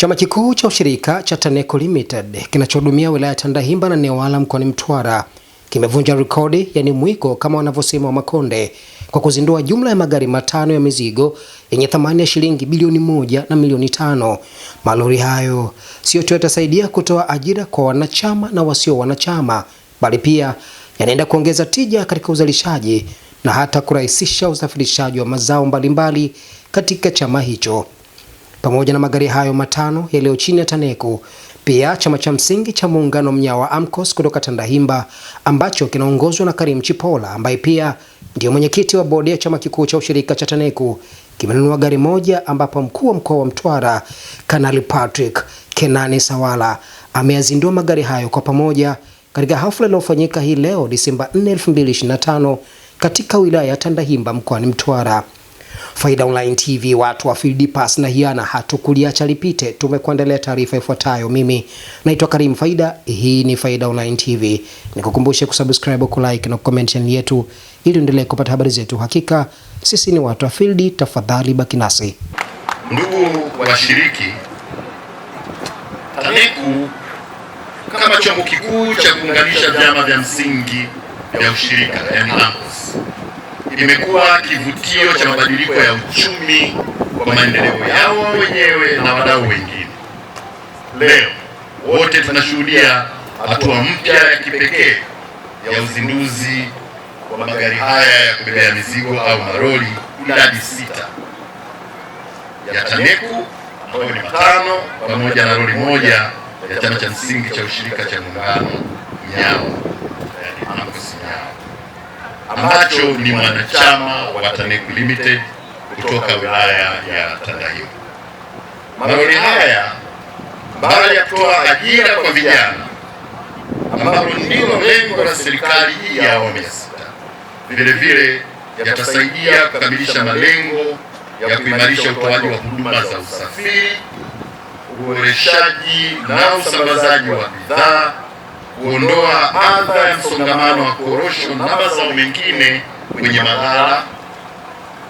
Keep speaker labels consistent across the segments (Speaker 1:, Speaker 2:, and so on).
Speaker 1: Chama kikuu cha ushirika cha taneko Limited kinachohudumia wilaya ya Tandahimba na Newala mkoani Mtwara kimevunja rekodi yaani mwiko kama wanavyosema wa makonde kwa kuzindua jumla ya magari matano ya mizigo yenye thamani ya shilingi bilioni moja na milioni tano. Malori hayo sio tu yatasaidia kutoa ajira kwa wanachama na wasio wanachama, bali pia yanaenda kuongeza tija katika uzalishaji na hata kurahisisha usafirishaji wa mazao mbalimbali katika chama hicho pamoja na magari hayo matano yaliyo chini ya TANECU. Pia chama cha msingi cha muungano mnyawa AMCOS kutoka Tandahimba ambacho kinaongozwa na Karim Chipola ambaye pia ndiyo mwenyekiti wa bodi ya chama kikuu cha ushirika cha TANECU kimenunua gari moja, ambapo mkuu wa mkoa wa Mtwara Kanali Patrick Kenani Sawala ameyazindua magari hayo kwa pamoja katika hafla iliyofanyika hii leo Disemba 4, 2025 katika wilaya ya Tandahimba mkoani Mtwara. Faida Online TV, watu wa Field Pass na hiana, hatukuliacha lipite, tumekuandalia taarifa ifuatayo. Mimi naitwa Karim Faida, hii ni Faida Online TV. Nikukumbushe kusubscribe, like na comment channel yetu ili uendelee kupata habari zetu. Hakika sisi ni watu wa Field, tafadhali baki nasi.
Speaker 2: Ndugu washiriki, TANECU kama chombo kikuu cha kuunganisha vyama vya msingi vya ushirika, yani AMCOS imekuwa kivutio cha mabadiliko ya uchumi kwa maendeleo yao wenyewe na wadau wengine. Leo wote tunashuhudia hatua mpya ya kipekee ya uzinduzi wa magari haya ya kubebea mizigo au maroli idadi sita ya TANECU ambayo ni matano pamoja na roli moja ya chama cha msingi cha ushirika cha muungano Nyao, yani AMCOS Nyao ambacho ni mwanachama wa TANECU Limited kutoka wilaya ya Tandahimba. Malori haya mbali ya kutoa ajira kwa vijana ambalo ndilo lengo la serikali hii ya awamu ya sita, vile vile yatasaidia kukamilisha malengo ya kuimarisha utoaji wa huduma za usafiri, uboreshaji na usambazaji wa bidhaa kuondoa adha ya msongamano wa korosho na mazao mengine kwenye madhara,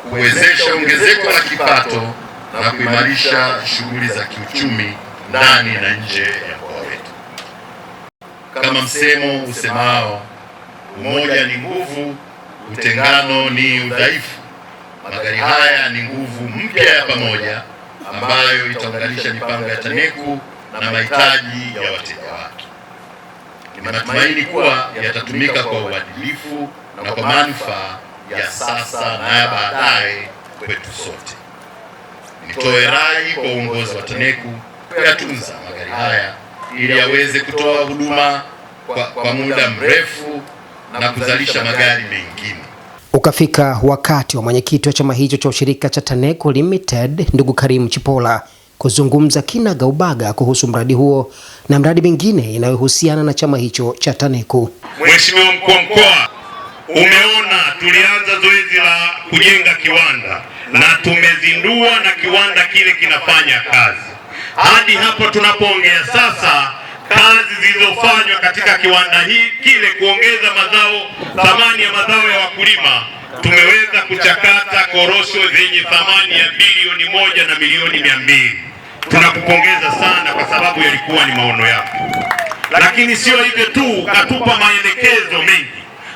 Speaker 2: kuwezesha ongezeko la kipato na kuimarisha shughuli za kiuchumi ndani na nje ya mkoa wetu. Kama msemo usemao, umoja ni nguvu, utengano ni udhaifu, magari haya ni nguvu mpya ya pamoja ambayo itaunganisha mipango ya TANECU na mahitaji ya wateja wake. Ni matumaini kuwa yatatumika kwa uadilifu na kwa manufaa ya sasa na ya baadaye kwetu sote. Nitoe rai kwa uongozi wa TANECU kuyatunza magari haya ili yaweze kutoa huduma kwa, kwa muda mrefu na kuzalisha magari mengine.
Speaker 1: Ukafika wakati wa mwenyekiti wa chama hicho cha ushirika cha TANECU Limited ndugu Karimu Chipola kuzungumza kina gaubaga kuhusu mradi huo na mradi mingine inayohusiana na chama hicho cha TANECU.
Speaker 2: Mheshimiwa mkuu wa mkoa, umeona tulianza zoezi la kujenga kiwanda na tumezindua na kiwanda kile kinafanya kazi hadi hapo tunapoongea sasa. Kazi zilizofanywa katika kiwanda hii kile kuongeza mazao, thamani ya mazao ya wakulima, tumeweza kuchakata korosho zenye thamani ya bilioni moja na milioni mia mbili tunakupongeza sana kwa sababu yalikuwa ni maono yako, lakini sio hivyo tu, ukatupa maelekezo mengi.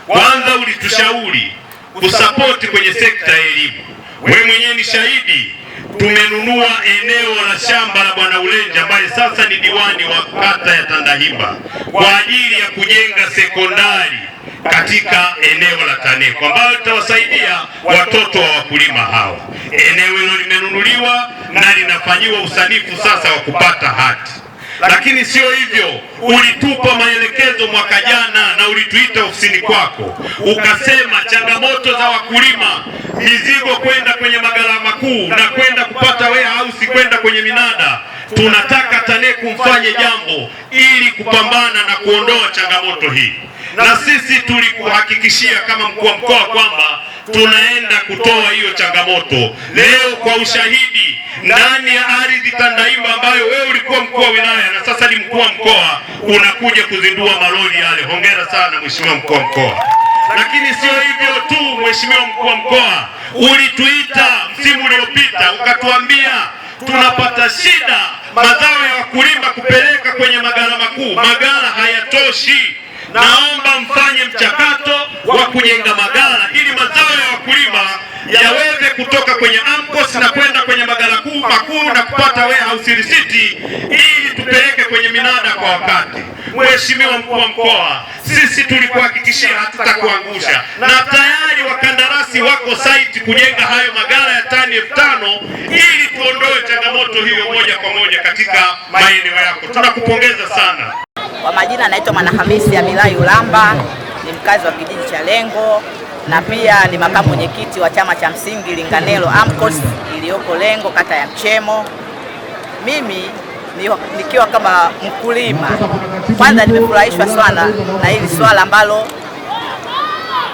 Speaker 2: Kwanza ulitushauri kusapoti kwenye sekta ya elimu. Wewe mwenyewe ni shahidi, tumenunua eneo la shamba la Bwana Ulenja ambaye sasa ni diwani wa kata ya Tandahimba kwa ajili ya kujenga sekondari katika eneo la taneko ambayo litawasaidia watoto wa wakulima hawa. Eneo hilo limenunuliwa na linafanyiwa usanifu sasa wa kupata hati. Lakini sio hivyo, ulitupa maelekezo mwaka jana na ulituita ofisini kwako ukasema, changamoto za wakulima mizigo kwenda kwenye magala makuu na kwenda kupata warehouse kwenda kwenye minada tunataka TANECU mfanye jambo ili kupambana na kuondoa changamoto hii, na sisi tulikuhakikishia kama mkuu wa mkoa kwamba tunaenda kutoa hiyo changamoto leo kwa ushahidi ndani ya ardhi Tandahimba ambayo wewe ulikuwa mkuu wa wilaya na sasa ni mkuu wa mkoa, unakuja kuzindua malori yale. Hongera sana mheshimiwa mkuu wa mkoa. Lakini sio hivyo tu, mheshimiwa mkuu wa mkoa, ulituita msimu uliopita ukatuambia tunapata shida mazao ya wakulima kupeleka kwenye magara makuu, magara hayatoshi naomba mfanye mchakato wa kujenga magala ili mazao ya wakulima yaweze kutoka kwenye AMCOS na kwenda kwenye magala kuu makuu na kupata warehouse receipt ili tupeleke kwenye minada kwa wakati. Mheshimiwa mkuu wa mkoa, sisi tulikuhakikishia hatutakuangusha na tayari wakandarasi wako saiti kujenga hayo magala ya tani elfu tano ili tuondoe changamoto hiyo moja kwa moja katika maeneo yako. Tunakupongeza sana.
Speaker 3: Kwa majina naitwa Mwanahamisi Amilai Ulamba, ni mkazi wa kijiji cha Lengo na pia ni makamu mwenyekiti wa chama cha msingi Linganelo AMCOS iliyoko Lengo, kata ya Mchemo. Mimi nikiwa kama mkulima, kwanza nimefurahishwa sana na hili swala ambalo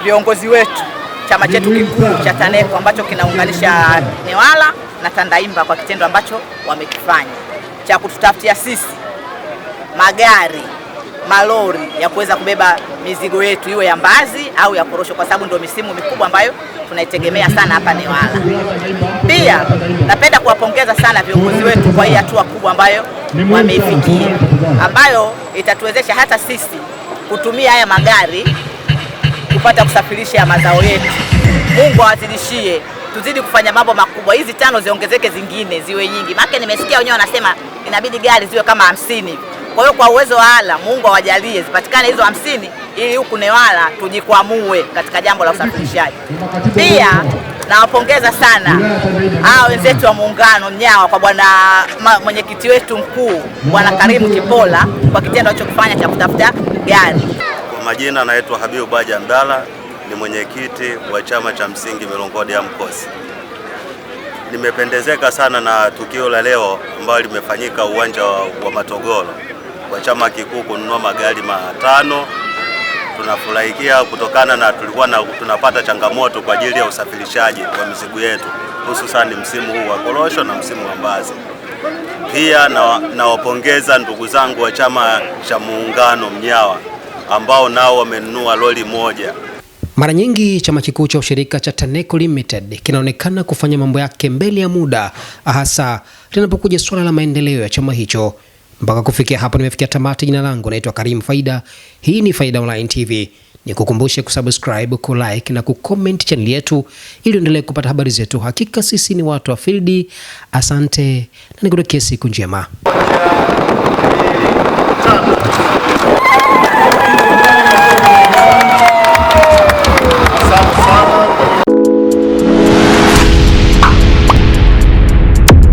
Speaker 3: viongozi wetu chama chetu kikuu cha TANECU ambacho kinaunganisha Newala na Tandaimba kwa kitendo ambacho wamekifanya cha kututafutia sisi magari malori ya kuweza kubeba mizigo yetu iwe ya mbazi au ya korosho, kwa sababu ndio misimu mikubwa ambayo tunaitegemea sana hapa Newala. Pia napenda kuwapongeza sana viongozi wetu kwa hii hatua kubwa ambayo wameifikia, ambayo itatuwezesha hata sisi kutumia haya magari kupata kusafirisha mazao yetu. Mungu awazidishie, tuzidi kufanya mambo makubwa. Hizi tano ziongezeke, zingine ziwe nyingi, maana nimesikia wenyewe wanasema inabidi gari ziwe kama hamsini. Kwa hiyo kwa uwezo wa Allah, Mungu awajalie zipatikane hizo hamsini ili huku Newala tujikwamue katika jambo la usafirishaji. Pia nawapongeza sana hawa wenzetu wa muungano Nyawa kwa bwana mwenyekiti wetu mkuu bwana Karimu Kipola kwa kitendo alichokifanya cha kutafuta gari.
Speaker 4: Kwa majina naitwa Habibu Baja mdala ni mwenyekiti wa chama cha msingi Milongodi ya Mkosi. Nimependezeka sana na tukio la leo ambalo limefanyika uwanja wa Matogoro kwa chama kikuu kununua magari matano. Tunafurahikia kutokana na tulikuwa na, tunapata changamoto kwa ajili ya usafirishaji wa mizigo yetu hususani msimu huu wa korosho na msimu wa mbazi. Pia nawapongeza na ndugu zangu wa chama cha muungano Mnyawa ambao nao wamenunua lori moja.
Speaker 1: Mara nyingi chama kikuu cha ushirika cha TANECU Limited kinaonekana kufanya mambo yake mbele ya muda, hasa linapokuja suala la maendeleo ya chama hicho. Mpaka kufikia hapo nimefikia tamati. Jina langu naitwa Karim Faida, hii ni Faida Online TV. ni kukumbushe kusubscribe, kulike na kucomment channel yetu ili uendelee kupata habari zetu. Hakika sisi ni watu wa fildi. Asante na nikutakie siku njema.